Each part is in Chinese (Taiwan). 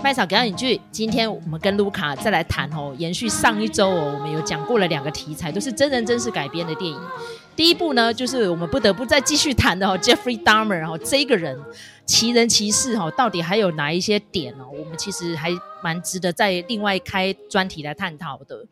麥嫂，趕緊去！今天我們跟盧卡再來談哦，延續上一周哦，我們有講過了兩個題材，都是真人真事改編的電影。第一部呢，就是我們不得不再繼續談的哦，Jeffrey Dahmer 哦，這個人奇人奇事哦，到底還有哪一些點哦？我們其實還蠻值得再另外開專題來探討的。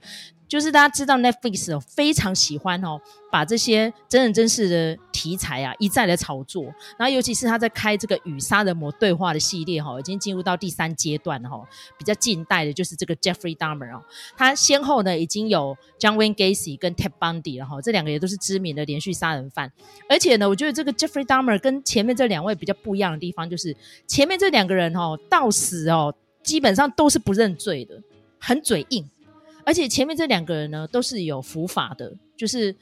就是大家知道 Netflix、哦、非常喜歡哦，把這些真人真事的題材啊一再的炒作，然後尤其是他在開這個與殺人魔對話的系列哈、哦，已經進入到第三階段了哈、哦。比較近代的就是這個 Jeffrey Dahmer 哦，他先後呢已經有 John Wayne Gacy 跟 Ted Bundy 了哈、哦,這兩個也都是知名的連續殺人犯。而且呢，我覺得這個 Jeffrey Dahmer 跟前面這兩位比較不一樣的地方，就是前面這兩個人哦，到死哦基本上都是不認罪的，很嘴硬。而且前面這兩個人呢，都是有伏法的，就是，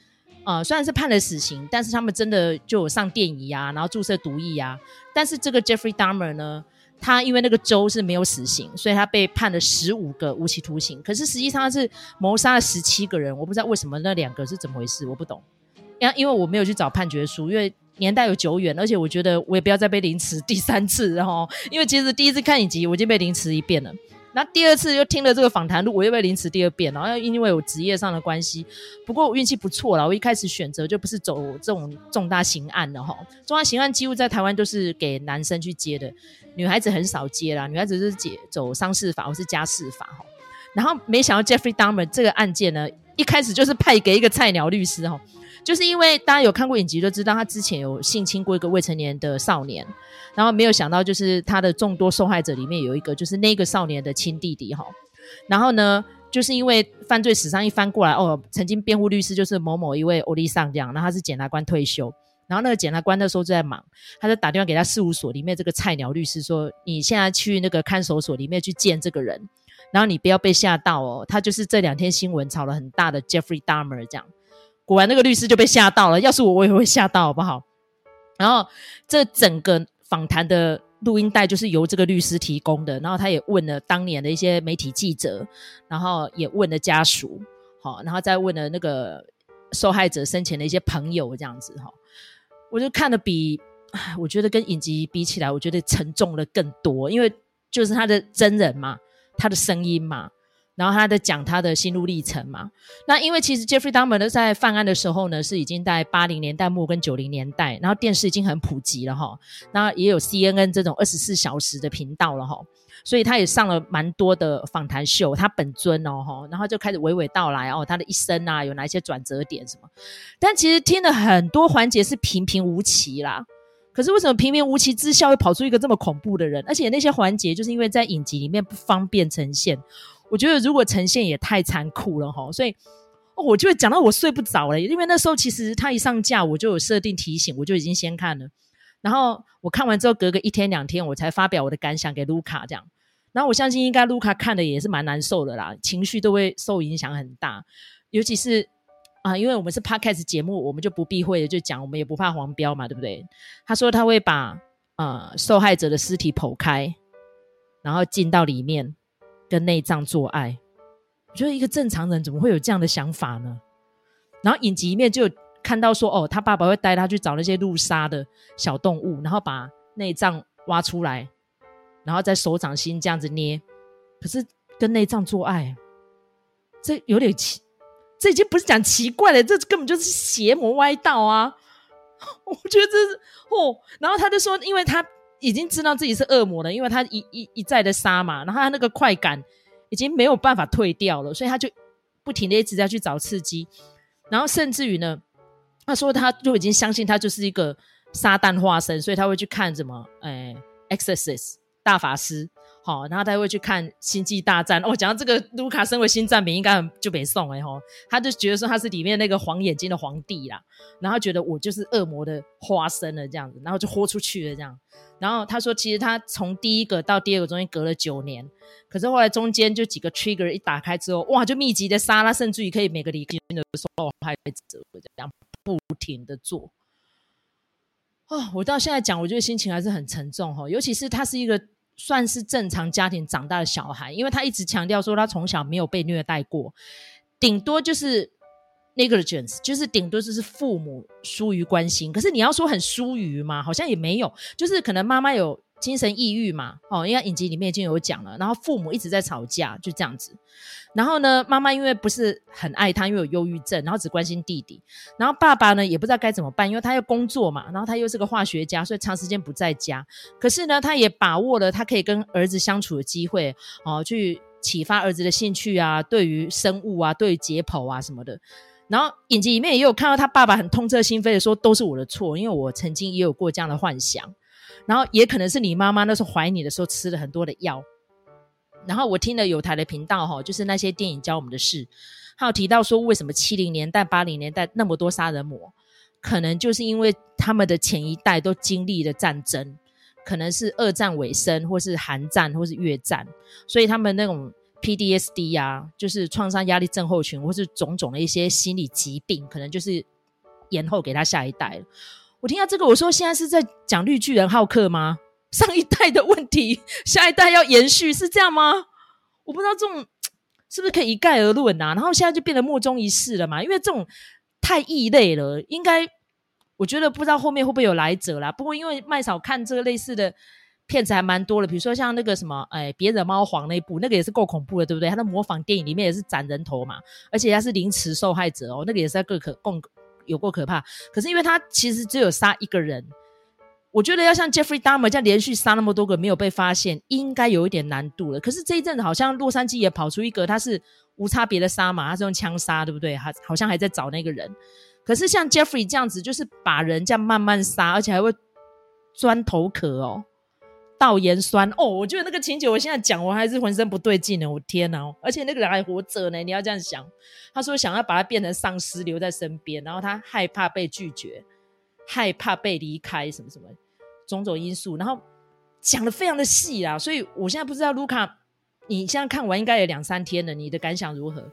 呃，雖然是判了死刑，但是他們真的就有上電椅呀、啊，然後注射毒液呀、啊。但是這個 Jeffrey Dahmer 呢，他因為那個州是沒有死刑，所以他被判了十五個無期徒刑。可是實際上他是謀殺了十七個人，我不知道為什麼那兩個是怎麼回事，我不懂。因因為我沒有去找判決書，因為年代有久遠，而且我覺得我也不要再被凌遲第三次，然後，因為其實第一次看影集，我已經被凌遲一遍了。那第二次又聽了這個訪談錄，我又被凌遲第二遍，然後因為我職業上的關係，不過我運氣不錯了，我一開始選擇就不是走這種重大刑案的，重大刑案幾乎在台灣都是給男生去接的，女孩子很少接啦，女孩子就是接走商事法或是家事法，然後沒想到 Jeffrey Dahmer 這個案件呢，一開始就是派給一個菜鳥律師哈。就是因為大家有看過影集，都知道他之前有性侵過一個未成年的少年，然後沒有想到，就是他的眾多受害者裡面有一個，就是那個少年的親弟弟哈。然後呢，就是因為犯罪史上一翻過來，哦，曾經辯護律師就是某某一位歐利桑這樣，然後他是檢察官退休，然後那個檢察官那時候就在忙，他就打電話給他事務所裡面這個菜鳥律師說：“你現在去那個看守所裡面去見這個人，然後你不要被嚇到哦，他就是這兩天新聞炒了很大的 Jeffrey Dahmer 這樣。”果然，那個律師就被嚇到了。要是我，我也會嚇到，好不好？然後，這整個訪談的錄音帶就是由這個律師提供的。然後，他也問了當年的一些媒體記者，然後也問了家屬，好，然後再問了那個受害者生前的一些朋友，這樣子哈。我就看得比，我覺得跟影集比起來，我覺得沉重了更多，因為就是他的真人嘛，他的聲音嘛。然後他在講他的心路歷程嘛，那因為其實 Jeffrey Dahmer 在犯案的時候呢，是已經在八零年代末跟九零年代，然後電視已經很普及了吼，那也有 CNN 這種二十四小時的頻道了吼，所以他也上了蠻多的訪談秀，他本尊哦吼，然後就開始娓娓道來哦，他的一生啊，有哪一些轉折點什麼，但其實聽了很多環節是平平無奇啦，可是為什麼平平無奇之下會跑出一個這麼恐怖的人？而且那些環節就是因為在影集裡面不方便呈現。我覺得如果呈現也太殘酷了吼，所以我就會講到我睡不着了，因為那時候其實他一上架我就有設定提醒，我就已經先看了，然後我看完之後隔個一天兩天我才發表我的感想給路卡這樣，然後我相信應該路卡看的也是蠻難受的啦，情緒都會受影響很大，尤其是啊、呃，因為我們是 podcast 節目，我們就不避諱的就講，我們也不怕黃標嘛，對不對？他說他會把呃受害者的屍體剖開，然後進到裡面。跟內臟做愛，我覺得一個正常人怎麼會有這樣的想法呢？然後影集裡面就有看到說，哦，他爸爸會帶他去找那些路殺的小動物，然後把內臟挖出來，然後在手掌心這樣子捏。可是跟內臟做愛，這有點奇，這已經不是講奇怪了，這根本就是邪魔歪道啊！我覺得這是哦，然後他就說，因為他。已經知道自己是惡魔了，因為他一一一再的殺嘛，然後他那個快感已經沒有辦法退掉了，所以他就不停的一直在去找刺激，然後甚至於呢，他說他就已經相信他就是一個撒旦化身，所以他會去看什麼誒，X c s s 大法師，好，然後他會去看星際大戰。哦，講到這個盧卡身為新戰名，應該就別送哎他就覺得說他是裡面那個黃眼睛的皇帝啦，然後覺得我就是惡魔的化身了這樣子，然後就豁出去了這樣。然後他說，其實他從第一個到第二個中間隔了九年，可是後來中間就幾個 trigger 一打開之後，哇，就密集的殺他，甚至於可以每個禮拜的 solo 這樣不停的做。哦，我到現在講，我覺得心情還是很沉重，尤其是他是一個算是正常家庭長大的小孩，因為他一直強調說他從小沒有被虐待過，頂多就是。Negligence 就是頂多就是父母疏於關心，可是你要說很疏於嗎？好像也沒有，就是可能媽媽有精神抑鬱嘛，哦，因為影集裡面已經有講了，然後父母一直在吵架，就這樣子。然後呢，媽媽因為不是很愛他，因為有憂鬱症，然後只關心弟弟。然後爸爸呢，也不知道該怎麼辦，因為他要工作嘛，然後他又是個化學家，所以長時間不在家。可是呢，他也把握了他可以跟兒子相處的機會，哦，去啟發兒子的興趣啊，對於生物啊，對於解剖啊什麼的。然後影集裡面也有看到他爸爸很痛徹心扉的說，都是我的錯，因為我曾經也有過這樣的幻想，然後也可能是你媽媽那時候懷你的時候吃了很多的藥。然後我聽了友台的頻道哈，就是那些電影教我們的事，還有提到說為什麼七零年代、八零年代那麼多殺人魔，可能就是因為他們的前一代都經歷了戰爭，可能是二戰尾聲或是韓戰或是越戰，所以他們那種。PDSD 啊，就是創傷壓力症候群，或是種種的一些心理疾病，可能就是延後給他下一代。我聽到這個，我說現在是在講綠巨人好客嗎？上一代的問題，下一代要延續，是這樣嗎？我不知道這種是不是可以一概而論啊。然後現在就變得莫衷一是了嘛，因為這種太異類了。應該我覺得不知道後面會不會有來者啦。不過因為麥少看這個類似的。騙子還蠻多的，比如說像那個什麼，哎，別惹貓咪那一部，那個也是夠恐怖的，對不對？他的模仿電影裡面也是斬人頭嘛，而且他是凌遲受害者哦，那個也是在可夠有夠可怕。可是因為他其實只有殺一個人，我覺得要像 Jeffrey Dahmer 這樣連續殺那麼多個沒有被發現，應該有一點難度了。可是這一陣子好像洛杉磯也跑出一個，他是無差別的殺嘛，他是用槍殺，對不對？好，好像還在找那個人。可是像 Jeffrey 這樣子，就是把人這樣慢慢殺，而且還會鑽頭殼哦。倒鹽酸哦，我覺得那個情節，我現在講，我還是渾身不對勁呢。我天吶，而且那個人還活着呢，你要這樣想。他說想要把他變成喪屍留在身邊，然後他害怕被拒絕，害怕被離開，什麼什麼種種因素，然後講的非常的細啊。所以我現在不知道盧卡，Luka, 你現在看完應該有兩三天了，你的感想如何？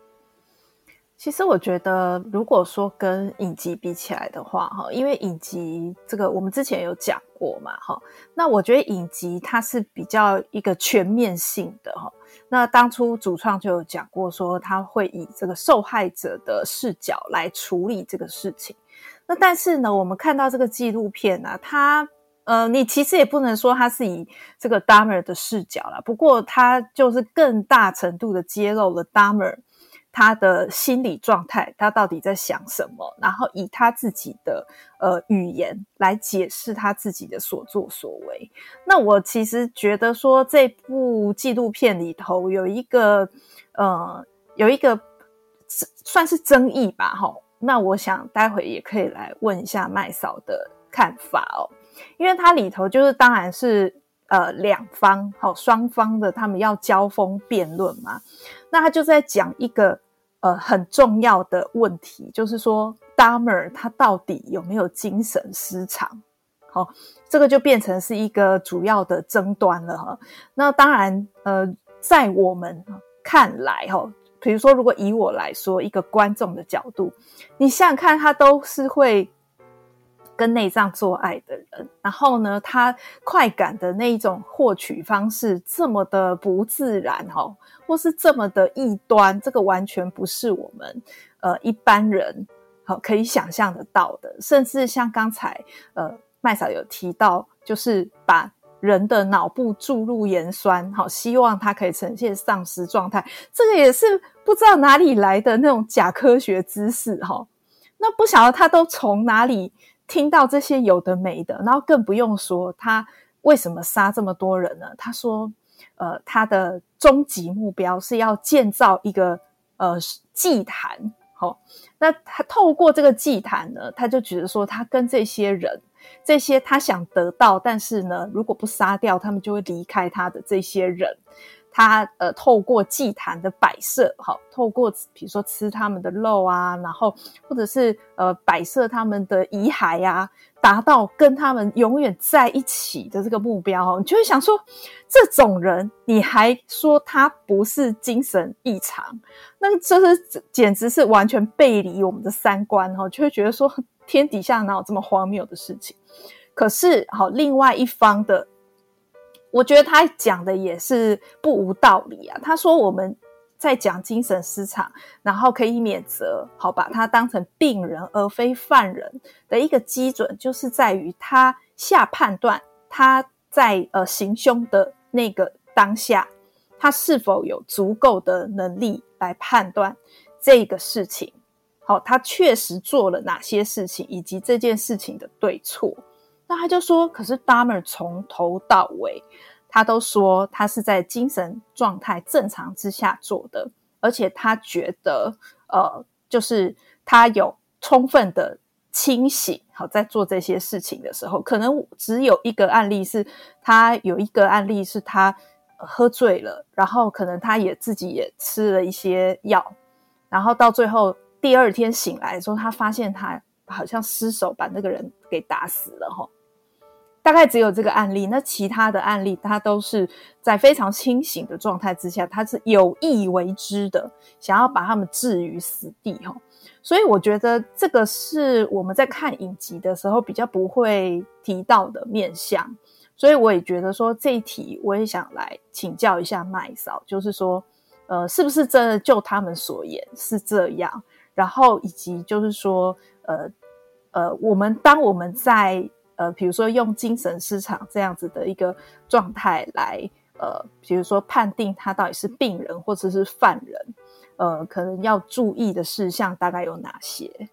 其實我覺得，如果說跟影集比起來的話，哈，因為影集這個我們之前有講過嘛，哈，那我覺得影集它是比較一個全面性的哈。那當初主創就有講過，說他會以這個受害者的視角來處理這個事情。那但是呢，我們看到這個紀錄片呢、啊，它呃，你其實也不能說它是以這個 Dahmer 的視角啦，不過它就是更大程度的揭露了 Dahmer 他的心理狀態，他到底在想什麼？然後以他自己的呃語言來解釋他自己的所作所為。那我其實覺得說這部紀錄片裡頭有一個呃，有一個算是爭議吧。哈、哦，那我想待會也可以來問一下麥嫂的看法哦，因為它裡頭就是當然是呃兩方好、哦、雙方的他們要交鋒辯論嘛。那他就在講一個。呃，很重要的問題就是說，Dahmer 他到底有沒有精神失常？好、哦，這個就變成是一個主要的爭端了哈。那當然，呃，在我們看來哈、哦，比如說，如果以我來說，一個觀眾的角度，你想想看，他都是會跟內臟做愛的人。然後呢，他快感的那一種獲取方式這麼的不自然、哦、或是這麼的異端，這個完全不是我們呃一般人好、呃、可以想象得到的。甚至像剛才呃麥嫂有提到，就是把人的腦部注入鹽酸，好、哦，希望它可以呈現喪屍狀態，這個也是不知道哪裡來的那種假科學知識、哦、那不曉得他都從哪裡。聽到這些有的沒的，然後更不用說他為什麼殺這麼多人呢？他說：“呃，他的終極目標是要建造一個呃祭壇。哦，那他透過這個祭壇呢，他就覺得說，他跟這些人，這些他想得到，但是呢，如果不殺掉，他們就會離開他的這些人。”他呃，透過祭壇的擺設，好，透過比如說吃他們的肉啊，然後或者是呃擺設他們的遺骸啊，達到跟他們永遠在一起的這個目標，你就會想說，這種人你還說他不是精神異常，那這是簡直是完全背離我們的三觀，然後就會覺得說天底下哪有這麼荒謬的事情？可是好，另外一方的。我覺得他講的也是不無道理啊。他說我們在講精神失常，然後可以免責，好，把他當成病人而非犯人的一個基準，就是在於他下判斷，他在呃行兇的那個當下，他是否有足夠的能力來判斷這個事情，好，他確實做了哪些事情，以及這件事情的對錯。那他就說，可是 Dahmer 從頭到尾，他都說他是在精神狀態正常之下做的，而且他覺得，呃，就是他有充分的清醒，好在做這些事情的時候，可能只有一個案例是他有一個案例是他喝醉了，然後可能他也自己也吃了一些藥，然後到最後第二天醒來的時候，他發現他好像失手把那個人給打死了，哈。大概只有這個案例，那其他的案例，他都是在非常清醒的狀態之下，他是有意為之的，想要把他們置於死地哦。所以我覺得這個是我們在看影集的時候比較不會提到的面向。所以我也覺得說這一題，我也想來請教一下麥嫂，就是說，呃，是不是真的就他們所言是這樣？然後以及就是說，呃呃，我們當我們在呃，比如說用精神失常這樣子的一個狀態來，呃，比如說判定他到底是病人或者是犯人，呃，可能要注意的事項大概有哪些？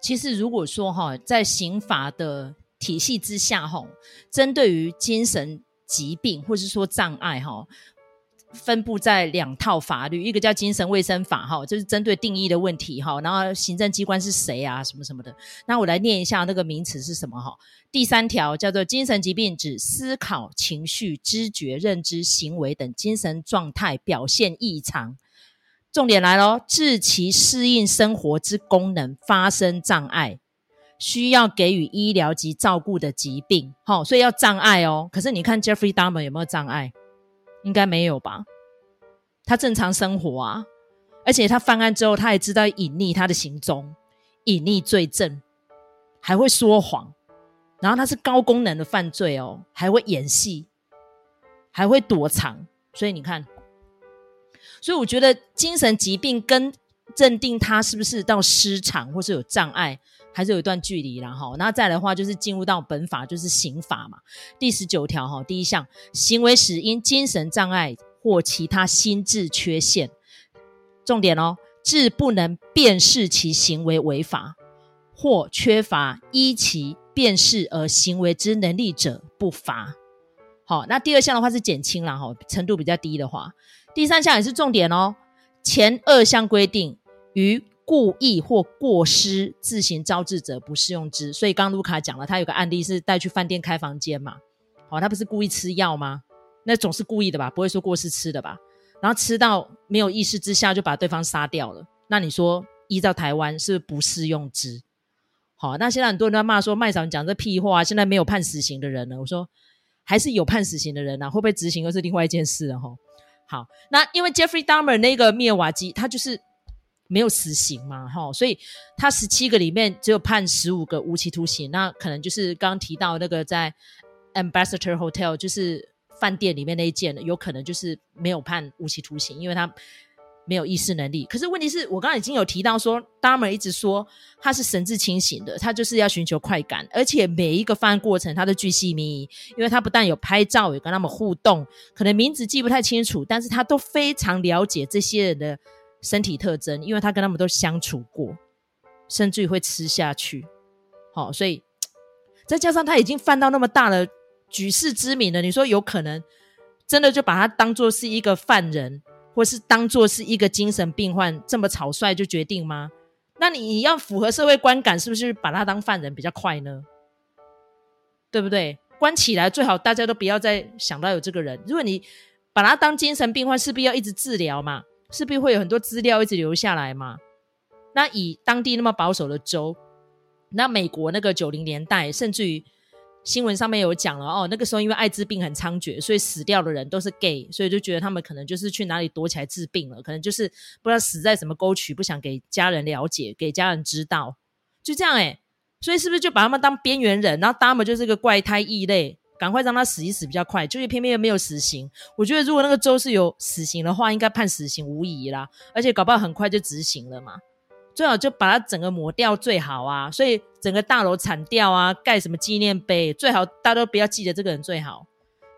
其實如果說哈，在刑法的體系之下哈，針對於精神疾病或是說障礙哈。分布在兩套法律，一個叫精神衛生法，哈，就是針對定義的問題，哈，然後行政機關是誰啊，什麼什麼的。那我來念一下那個名詞是什麼，哈，第三條叫做精神疾病，指思考、情緒、知覺、認知、行為等精神狀態表現異常。重點來咯，致其適應生活之功能發生障礙，需要給予醫療及照顧的疾病，哈、哦，所以要障礙哦。可是你看 Jeffrey Dahmer 有沒有障礙？應該沒有吧？他正常生活啊，而且他犯案之後，他也知道隱匿他的行蹤，隱匿罪證，還會說謊。然後他是高功能的犯罪哦，還會演戲，還會躲藏。所以你看，所以我覺得精神疾病跟認定他是不是到失常或是有障礙。還是有一段距離啦，哈。那再來的話就是進入到本法，就是刑法嘛，第十九條哈，第一項，行為時因精神障礙或其他心智缺陷，重點哦、喔，致不能辨識其行為違法，或缺乏依其辨識而行為之能力者不罰。好，那第二項的話是減輕了哈，程度比較低的話。第三項也是重點哦、喔，前二項規定於。故意或過失自行招致者不適用之，所以剛剛盧卡講了，他有個案例是帶去飯店開房間嘛，好、哦，他不是故意吃藥嗎？那總是故意的吧，不會說過失吃的吧？然後吃到沒有意識之下就把對方殺掉了，那你說依照台灣是不是不適用之？好、哦，那現在很多人都罵說麥嫂你講這屁話，現在沒有判死刑的人了，我說還是有判死刑的人啊，會不會執行又是另外一件事了哈。好，那因為 Jeffrey Dahmer 那個滅瓦基，他就是。沒有死刑嘛，哈，所以他十七個裡面只有判十五個無期徒刑，那可能就是剛剛提到那個在 Ambassador Hotel 就是飯店裡面那一件，有可能就是沒有判無期徒刑，因為他沒有意識能力。可是問題是我剛剛已經有提到說 Dahmer 一直說他是神志清醒的，他就是要尋求快感，而且每一個犯過程，他都巨細靡遺，因為他不但有拍照，有跟他們互動，可能名字記不太清楚，但是他都非常了解這些人的。身體特徵，因為他跟他們都相處過，甚至於會吃下去。好，哦，所以再加上他已經犯到那麼大了，舉世知名了。你說有可能真的就把他當做是一個犯人，或是當做是一個精神病患，這麼草率就決定嗎？那你要符合社會觀感，是不是把他當犯人比較快呢？對不對？關起來最好大家都不要再想到有這個人。如果你把他當精神病患，勢必要一直治療嘛？勢必會有很多資料一直留下來嘛？那以當地那麼保守的州，那美國那個九零年代，甚至於新聞上面有講了哦，那個時候因為艾滋病很猖獗，所以死掉的人都是 gay，所以就覺得他們可能就是去哪裡躲起來治病了，可能就是不知道死在什麼溝渠，不想給家人了解，給家人知道，就這樣誒，所以是不是就把他們當邊緣人？然後他們就是個怪胎異類。趕快讓他死一死比較快，就是偏偏又沒有死刑。我覺得如果那個州是有死刑的話，應該判死刑無疑啦，而且搞不好很快就執行了嘛。最好就把他整個抹掉最好啊，所以整個大樓鏟掉啊，蓋什麼紀念碑最好，大家都不要記得這個人最好。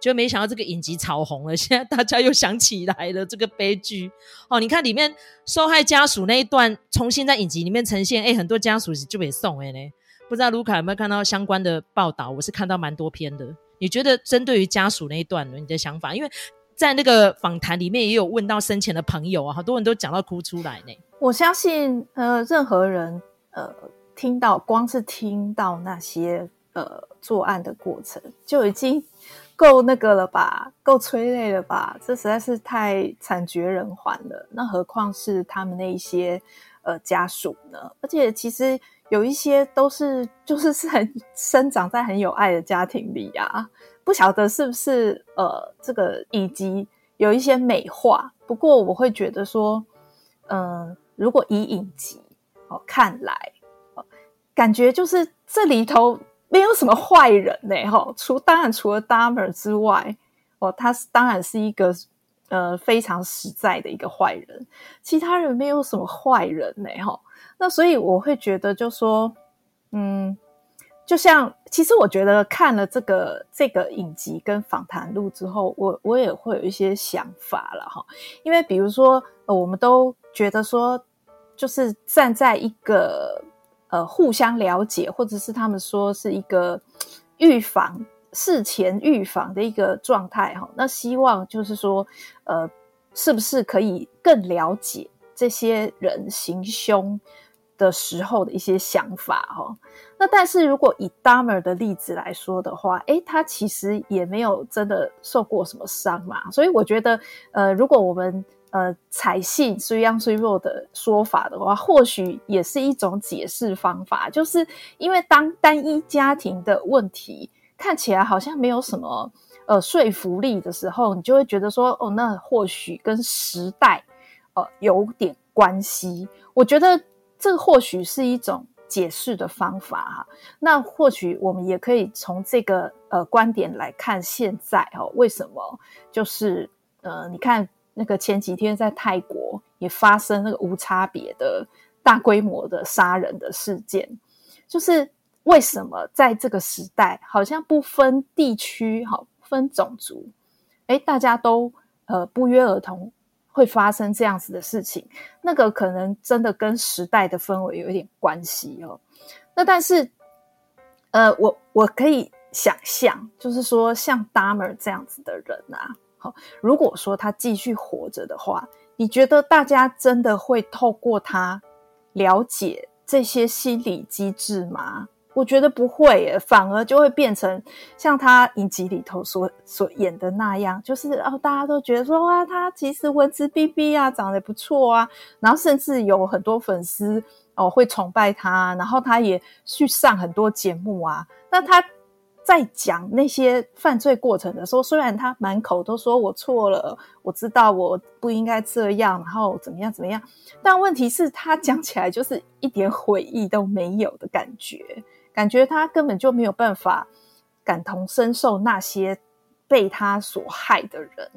就沒想到這個影集炒紅了，現在大家又想起來了這個悲劇。哦，你看裡面受害家屬那一段重新在影集裡面呈現，哎、欸，很多家屬就被送哎嘞，不知道路卡有沒有看到相關的報道？我是看到蠻多篇的。你覺得針對於家屬那一段，你的想法？因為在那個訪談裡面也有問到生前的朋友啊，好多人都講到哭出來呢、欸。我相信，呃，任何人，呃，聽到光是聽到那些呃作案的過程，就已經夠那個了吧，夠催淚了吧？這實在是太慘絕人寰了，那何況是他們那一些呃家屬呢？而且其實。有一些都是就是是很生長在很有愛的家庭裡呀、啊，不曉得是不是呃這個以及有一些美化。不過我會覺得說，嗯、呃，如果以影集哦看來哦感覺就是這裡頭沒有什麼壞人呢、欸、吼、哦、除當然除了 Dahmer 之外，哦，他當然是一個呃非常實在的一個壞人，其他人沒有什麼壞人呢、欸、吼、哦那所以我會覺得，就說，嗯，就像其實我覺得看了這個這個影集跟訪談錄之後，我我也會有一些想法了哈。因為比如說，呃，我們都覺得說，就是站在一個呃互相了解，或者是他們說是一個預防事前預防的一個狀態哈，哦。那希望就是說，呃，是不是可以更了解這些人行凶？的時候的一些想法哦，那但是如果以 Dahmer 的例子來說的話，哎、欸，他其實也沒有真的受過什麼傷嘛，所以我覺得，呃，如果我們呃採信“雖央雖弱”的說法的話，或許也是一種解釋方法，就是因為當單一家庭的問題看起來好像沒有什麼呃說服力的時候，你就會覺得說，哦，那或許跟時代呃有點關係。我覺得。這或許是一種解釋的方法哈、啊，那或許我們也可以從這個呃觀點來看現在哦，為什麼就是呃，你看那個前幾天在泰國也發生那個無差別的大規模的殺人的事件，就是為什麼在這個時代好像不分地區，不分種族，哎，大家都呃不約而同。會發生這樣子的事情，那個可能真的跟時代的氛圍有一點關係哦。那但是，呃，我我可以想象，就是說，像 Dahmer 這樣子的人啊，好，如果說他繼續活着的話，你覺得大家真的會透過他了解這些心理機制嗎？我覺得不會，反而就會變成像他影集裡頭所所演的那樣，就是哦，大家都覺得說，哇，他其實文質彬彬啊，長得不錯啊，然後甚至有很多粉絲哦會崇拜他，然後他也去上很多節目啊。那他在講那些犯罪過程的時候，雖然他滿口都說我錯了，我知道我不應該這樣，然後怎麼樣怎麼樣，但問題是，他講起來就是一點悔意都沒有的感覺。感覺他根本就沒有辦法感同身受那些被他所害的人，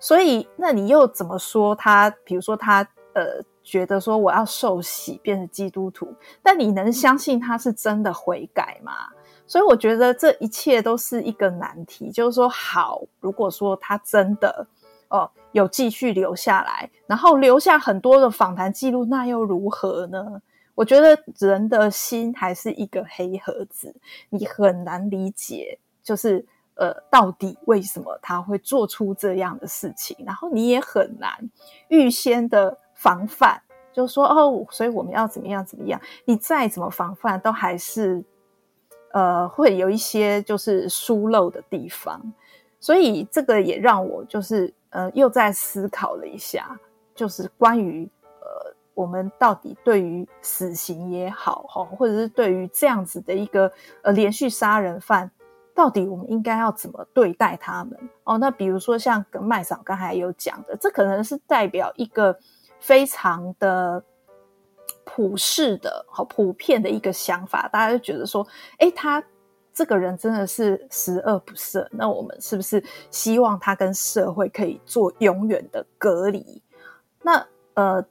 所以，那你又怎麼說他？比如說他呃，覺得說我要受洗變成基督徒，但你能相信他是真的悔改嗎？所以，我覺得這一切都是一個難題。就是說，好，如果說他真的哦，有繼續留下來，然後留下很多的訪談記錄，那又如何呢？我覺得人的心還是一個黑盒子，你很難理解，就是呃，到底為什麼他會做出這樣的事情，然後你也很難預先的防範，就說哦，所以我們要怎麼樣怎麼樣，你再怎麼防範都還是呃會有一些就是疏漏的地方，所以這個也讓我就是呃又在思考了一下，就是關於。我們到底對於死刑也好，或者是對於這樣子的一個呃連續殺人犯，到底我們應該要怎麼對待他們？哦，那比如說像跟麥嫂剛才有講的，這可能是代表一個非常的普世的、普遍的一個想法，大家就覺得說，哎、欸，他這個人真的是十惡不赦，那我們是不是希望他跟社會可以做永遠的隔離？那呃。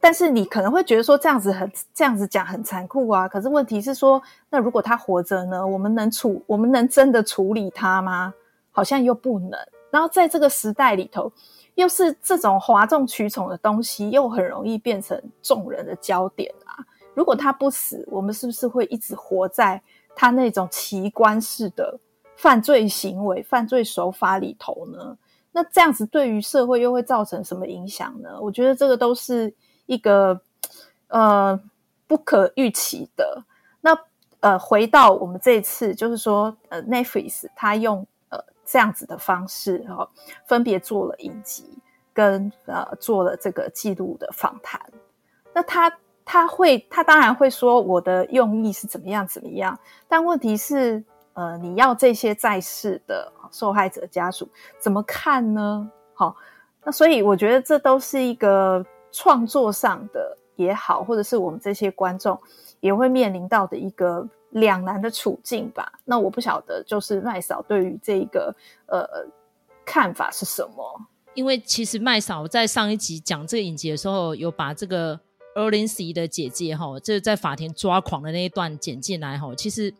但是你可能會覺得說這樣子很這樣子講很殘酷啊，可是問題是說，那如果他活着呢，我們能處我們能真的處理他嗎？好像又不能。然後在這個時代裡頭，又是這種嘩眾取寵的東西，又很容易變成眾人的焦點啊。如果他不死，我們是不是會一直活在他那種奇觀式的犯罪行為、犯罪手法裡頭呢？那這樣子對於社會又會造成什麼影響呢？我覺得這個都是。一個呃不可預期的那呃，回到我們這一次，就是說呃，Netflix 他用呃這樣子的方式哈，分別做了影集跟呃做了這個紀錄的訪談。那他他會他當然會說，我的用意是怎麼樣怎麼樣，但問題是呃，你要這些在世的受害者家屬怎麼看呢？好、哦，那所以我覺得這都是一個。創作上的也好，或者是我們這些觀眾也會面臨到的一個兩難的處境吧。那我不曉得，就是麥嫂對於這一個呃看法是什麼？因為其實麥嫂在上一集講這個影集的時候，有把這個 Errol Lindsey 的姐姐哈、哦，這在法庭抓狂的那一段剪進來哈、哦。其實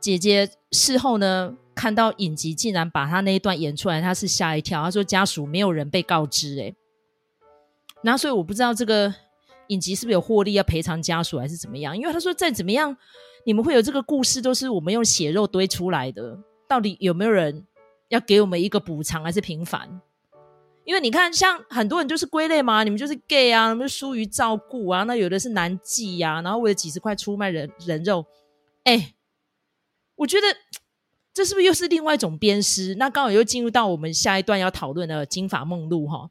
姐姐事後呢，看到影集竟然把她那一段演出來，她是嚇一跳。她說家屬沒有人被告知，哎。然後，所以我不知道這個影集是不是有獲利要賠償家屬，還是怎麼樣？因為他說再怎麼樣，你們會有這個故事，都是我們用血肉堆出來的。到底有沒有人要給我們一個補償，還是平反？因為你看，像很多人就是歸類嘛，你們就是 gay 啊，你們就疏於照顧啊，那有的是男妓啊，然後為了幾十塊出賣人人肉，哎，我覺得這是不是又是另外一種鞭屍？那剛好又進入到我們下一段要討論的《金髮夢露》哦哈。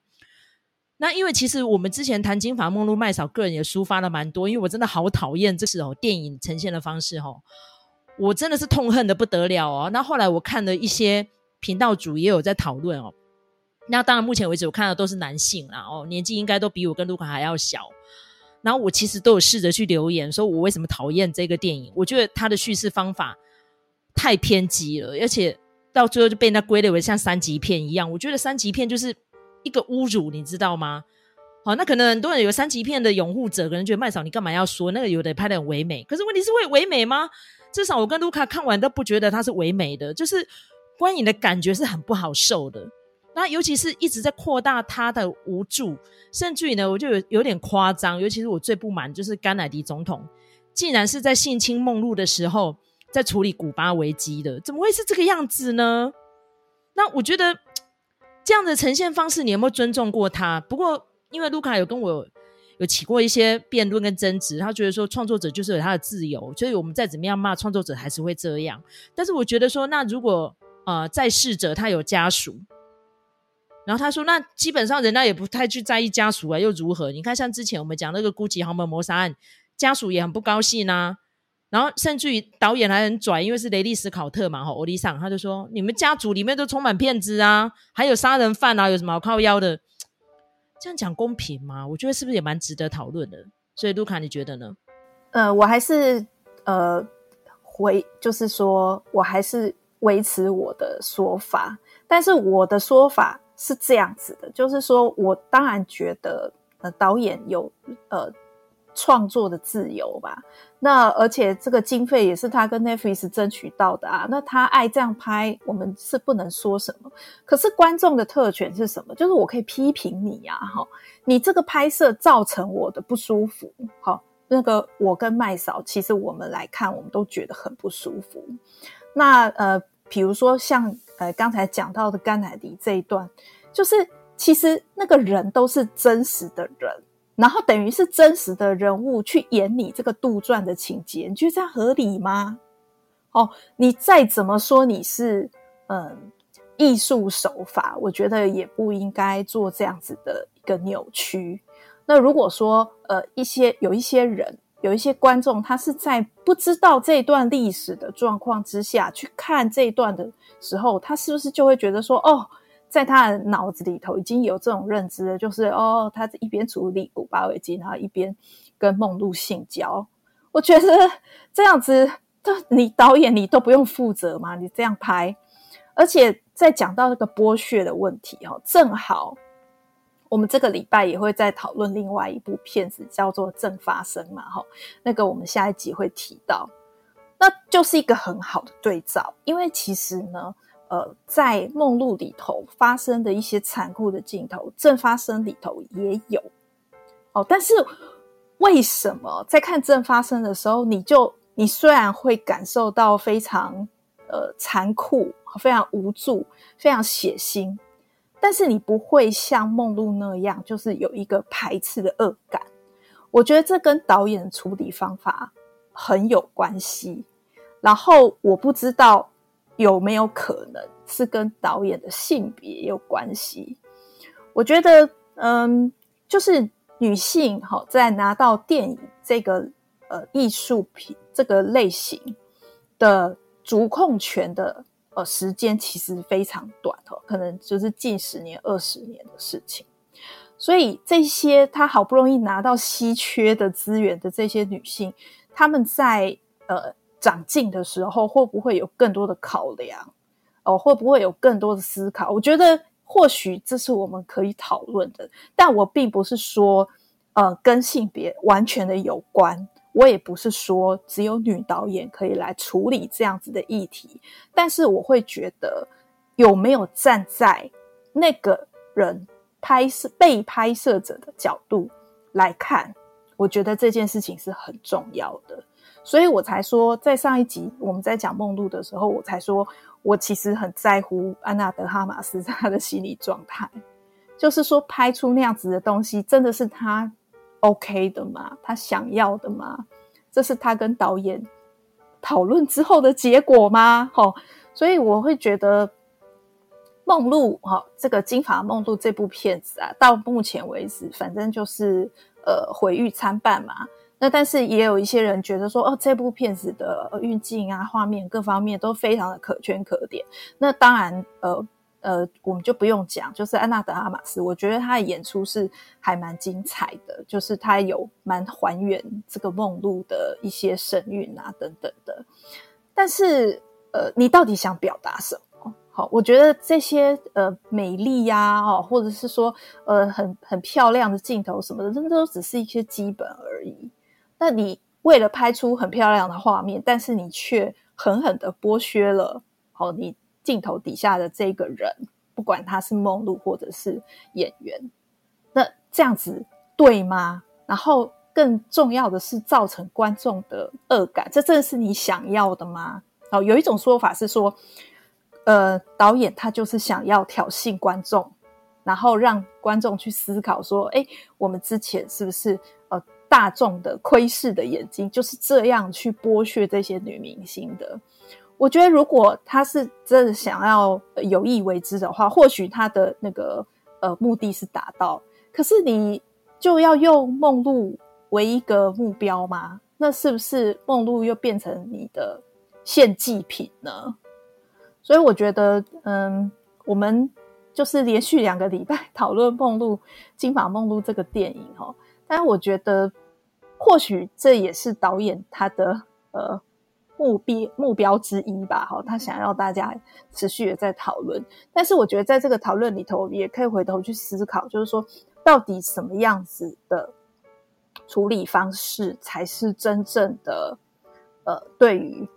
那因為其實我們之前談《金髮夢露麥嫂》，個人也抒發了蠻多，因為我真的好討厭這時候、哦、電影呈現的方式哦，我真的是痛恨得不得了哦。那後來我看了一些頻道主也有在討論哦，那當然目前為止我看的都是男性啦哦，年紀應該都比我跟路卡還要小，然後我其實都有試着去留言，說我為什麼討厭這個電影，我覺得他的敘事方法太偏激了，而且到最後就被人家歸類為像三級片一樣，我覺得三級片就是。一個侮辱，你知道嗎？好，那可能很多人有三級片的擁護者，可能覺得麥嫂你幹嘛要說那個？有的拍得很唯美，可是問題是會唯美嗎？至少我跟路卡看完都不覺得它是唯美的，就是觀影的感覺是很不好受的。那尤其是一直在擴大他的無助，甚至於呢，我就有有點誇張。尤其是我最不滿，就是甘迺迪總統，竟然是在性侵夢露的時候，在處理古巴危機的，怎麼會是這個樣子呢？那我覺得。這樣的呈現方式，你有沒有尊重過他？不過，因為路卡有跟我有，有起過一些辯論跟爭執，他覺得說創作者就是有他的自由，所以我們再怎麼樣罵創作者，還是會這樣。但是我覺得說，那如果呃在世者他有家屬，然後他說，那基本上人家也不太去在意家屬啊，又如何？你看，像之前我們講那個孤寂豪門謀殺案，家屬也很不高興啊。然後，甚至於導演還很拽，因為是雷利·史考特嘛，歐里桑，他就說：“你們家族裡面都充滿騙子啊，還有殺人犯啊，有什麼好靠腰的？這樣講公平嗎？我覺得是不是也蠻值得討論的？所以，盧卡，你覺得呢？”呃，我還是呃回，就是說我還是維持我的說法，但是我的說法是這樣子的，就是說我當然覺得，呃，導演有呃。創作的自由吧，那而且這個經費也是他跟 Netflix 爭取到的啊。那他愛這樣拍，我們是不能說什麼。可是觀眾的特權是什麼？就是我可以批評你呀，啊、哈、哦，你這個拍攝造成我的不舒服。好，哦，那個我跟麥嫂，其實我們來看，我們都覺得很不舒服。那呃，比如說像呃剛才講到的甘乃迪這一段，就是其實那個人都是真實的人。然後等於是真實的人物去演你這個杜撰的情節，你覺得這樣合理嗎？哦，你再怎麼說你是，嗯，藝術手法，我覺得也不應該做這樣子的一個扭曲。那如果說，呃，一些，有一些人，有一些觀眾，他是在不知道這段歷史的狀況之下去看這段的時候，他是不是就會覺得說，哦，在他的腦子裡頭已經有這種認知了，就是哦，他一邊處理古巴危機，然後一邊跟夢露性交。我覺得這樣子，你導演你都不用負責嗎？你這樣拍，而且在講到那個剝削的問題哦，正好我們這個禮拜也會再討論另外一部片子叫做《正發生》嘛，那個我們下一集會提到，那就是一個很好的對照，因為其實呢。呃，在夢露裡頭發生的一些殘酷的鏡頭，正發生裡頭也有，哦，但是為什麼在看正發生的時候，你就你雖然會感受到非常呃殘酷、非常無助、非常血腥，但是你不會像夢露那樣，就是有一個排斥的惡感？我覺得這跟導演的處理方法很有關係。然後我不知道。有沒有可能是跟導演的性別有關係？我覺得，嗯，就是女性，在拿到電影這個呃藝術品這個類型的主控權的呃時間，其實非常短，可能就是近十年、二十年的事情。所以，這些她好不容易拿到稀缺的資源的這些女性，她們在呃。長進的時候，會不會有更多的考量？哦、呃，會不會有更多的思考？我覺得或許這是我們可以討論的。但我並不是說，呃，跟性別完全的有關。我也不是說只有女導演可以來處理這樣子的議題。但是我會覺得，有沒有站在那個人拍攝被拍攝者的角度來看，我覺得這件事情是很重要的。所以我才說，在上一集我們在講夢露的時候，我才說我其實很在乎安娜德哈馬斯他的心理狀態，就是說拍出那樣子的東西真的是他 OK 的嗎？他想要的嗎？這是他跟導演討論之後的結果嗎？哦，所以我會覺得夢露，哦，這個金髮夢露這部片子啊，到目前為止反正就是呃毀譽參半嘛。但是也有一些人覺得說，哦，這部片子的運鏡啊、畫面各方面都非常的可圈可點。那當然，呃呃，我們就不用講，就是安娜德阿瑪斯，我覺得她的演出是還蠻精彩的，就是她有蠻還原這個夢露的一些神韻啊等等的。但是，呃，你到底想表達什麼？好，我覺得這些呃美麗呀，哦，或者是說呃很很漂亮的鏡頭什麼的，那都只是一些基本而已。那你為了拍出很漂亮的畫面，但是你卻狠狠的剝削了哦，你鏡頭底下的這個人，不管他是夢露或者是演員，那這樣子對嗎？然後更重要的是造成觀眾的惡感，這真的是你想要的嗎？哦，有一種說法是說，呃，導演他就是想要挑釁觀眾，然後讓觀眾去思考說，哎、欸，我們之前是不是？大眾的窺視的眼睛就是這樣去剝削這些女明星的。我覺得，如果他是真的想要有意為之的話，或許他的那個呃目的是達到。可是，你就要用夢露為一個目標嗎？那是不是夢露又變成你的獻祭品呢？所以，我覺得，嗯，我們就是連續兩個禮拜討論夢露《金髮夢露》這個電影哈、哦，但我覺得。或許這也是導演他的呃目標目標之一吧。好、哦，他想要大家持續的在討論。但是我覺得在這個討論裡頭，也可以回頭去思考，就是說到底什麼樣子的處理方式才是真正的呃，對於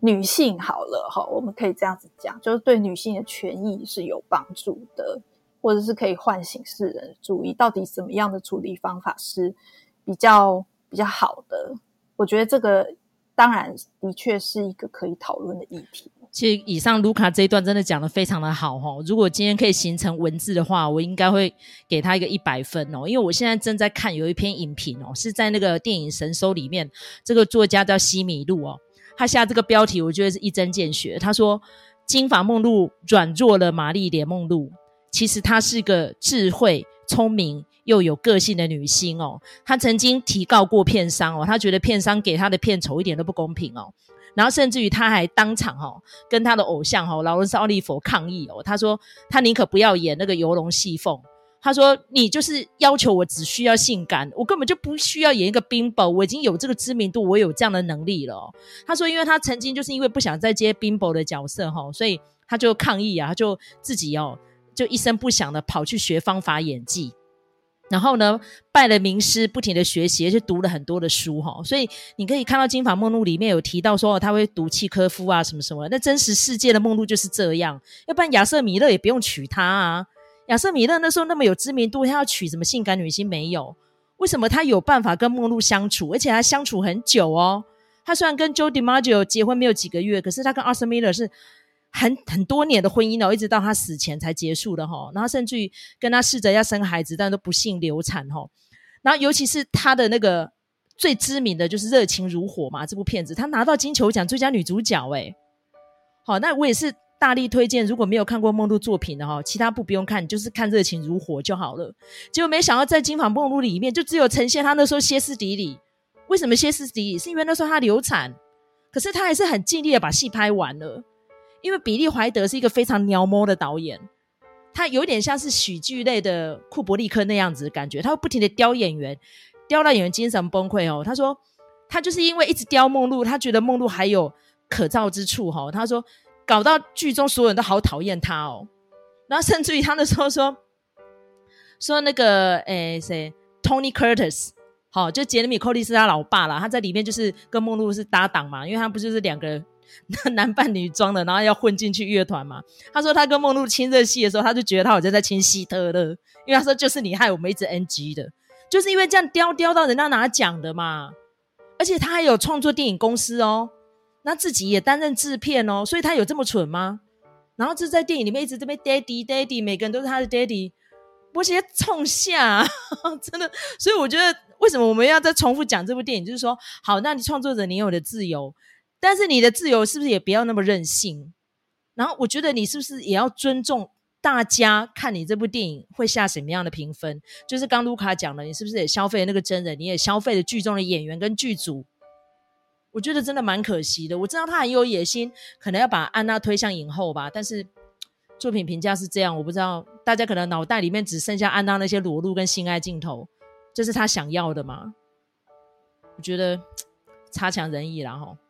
女性好了哈、哦，我們可以這樣子講，就是對女性的權益是有幫助的，或者是可以喚醒世人注意，到底什麼樣的處理方法是比較。比較好的，我覺得這個當然的確是一個可以討論的議題。其實以上盧卡這一段真的講的非常的好哦。如果今天可以形成文字的話，我應該會給他一個一百分哦。因為我現在正在看有一篇影評哦，是在那個電影神搜裡面，這個作家叫西米露哦，他下這個標題我覺得是一針見血。他說《金髮夢露》軟弱了，瑪麗蓮夢露其實她是個智慧、聰明。又有個性的女星哦，她曾經提告過片商哦，她覺得片商給她的片酬一點都不公平哦。然後甚至於她還當場哈、哦、跟她的偶像哈、哦、勞倫斯奧利佛抗議哦，她說她寧可不要演那個遊龍戲鳳。她說你就是要求我只需要性感，我根本就不需要演一個 Bimbo，我已經有這個知名度，我有這樣的能力了、哦。她說，因為她曾經就是因為不想再接 Bimbo 的角色哈、哦，所以她就抗議啊，她就自己哦就一聲不響的跑去學方法演技。然後呢，拜了名師，不停的學習，而且讀了很多的書哈、哦。所以你可以看到《金髮夢露》裡面有提到說，哦、他會讀契科夫啊，什麼什麼的。那真實世界的夢露就是這樣，要不然亞瑟米勒也不用娶她啊。亞瑟米勒那時候那麼有知名度，他要娶什麼性感女星沒有？為什麼他有辦法跟夢露相處，而且他相處很久哦？他雖然跟 Joe DiMaggio 結婚沒有幾個月，可是他跟 Arthur Miller 是。很很多年的婚姻哦，一直到他死前才結束的哈、哦。然後甚至於跟他試着要生孩子，但都不幸流產哈、哦。然後尤其是他的那個最知名的就是《熱情如火》嘛，這部片子他拿到金球獎最佳女主角誒。好、哦，那我也是大力推薦，如果沒有看過夢露作品的哈，其他部不用看，就是看《熱情如火》就好了。結果沒想到在《金髮夢露》裡面，就只有呈現他那時候歇斯底里。為什麼歇斯底里？是因為那時候他流產，可是他還是很盡力的把戲拍完了。因為比利懷德是一個非常鳥毛的導演，他有點像是喜劇類的庫伯利克那樣子的感覺，他會不停的雕演員，雕到演員精神崩潰哦。他說他就是因為一直雕夢露，他覺得夢露還有可造之處哈、哦。他說搞到劇中所有人都好討厭他哦，然後甚至於他那時候說說那個誒誰 Tony Curtis 好、哦，就杰米寇利是他老爸啦，他在裡面就是跟夢露是搭檔嘛，因為他不是就是兩個人。男扮女裝的，然後要混進去樂團嘛？他說他跟夢露親熱戲的時候，他就覺得他好像在親希特勒，因為他說就是你害我們一直 NG 的，就是因為這樣刁刁到人家拿獎的嘛。而且他還有創作電影公司哦，那自己也擔任制片哦，所以他有這麼蠢嗎？然後就在電影裡面一直這邊 daddy daddy，每個人都是他的 daddy，我直現在衝下、啊、 真的，所以我覺得為什麼我們要再重複講這部電影？就是說，好，那你創作者你有你的自由。但是你的自由是不是也不要那麼任性？然後我覺得你是不是也要尊重大家看你這部電影會下什麼樣的評分？就是剛盧卡講的，你是不是也消費了那個真人，你也消費了劇中的演員跟劇組？我覺得真的蠻可惜的。我知道他很有野心，可能要把安娜推向影后吧。但是作品評價是這樣，我不知道大家可能腦袋裡面只剩下安娜那些裸露跟性愛鏡頭，這，就是他想要的嗎？我覺得差強人意啦吼，然後。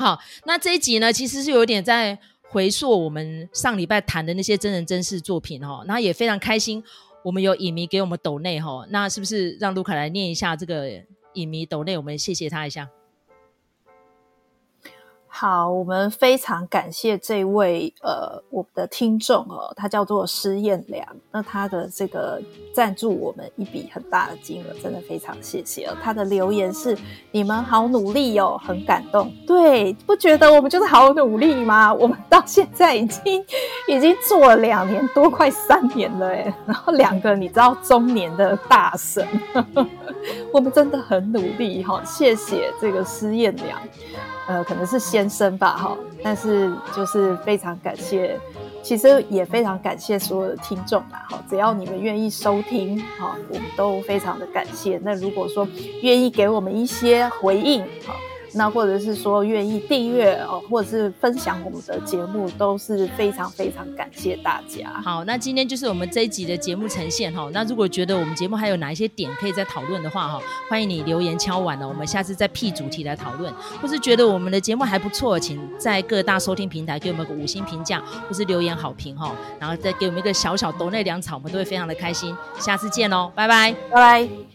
好，那這一集呢，其實是有點在回溯我們上禮拜談的那些真人真事作品哦，那也非常開心，我們有影迷給我們抖內哈、哦，那是不是讓盧卡來念一下這個影迷抖內，我們謝謝他一下。好，我們非常感謝這位呃，我們的聽眾哦，他叫做施彥良。那他的這個贊助我們一筆很大的金額，真的非常謝謝、哦、他的留言是：你們好努力喲、哦，很感動。對，不覺得我們就是好努力嗎？我們到現在已經已經做了兩年多，快三年了哎。然後兩個你知道中年的大嬸， 我們真的很努力哈、哦。謝謝這個施彥良。呃，可能是先生吧，哈，但是就是非常感謝，其實也非常感謝所有的聽眾啦，哈，只要你們願意收聽，哈，我們都非常的感謝。那如果說願意給我們一些回應，哈。那或者是說願意訂閱哦，或者是分享我們的節目，都是非常非常感謝大家。好，那今天就是我們這一集的節目呈現哈、哦。那如果覺得我們節目還有哪一些點可以再討論的話哈、哦，歡迎你留言敲碗了、哦，我們下次再闢主題來討論。或是覺得我們的節目還不錯，請在各大收聽平台給我們個五星評價，或是留言好評哈、哦，然後再給我們一個小小斗內糧草，我們都會非常的開心。下次見哦，拜拜，拜拜。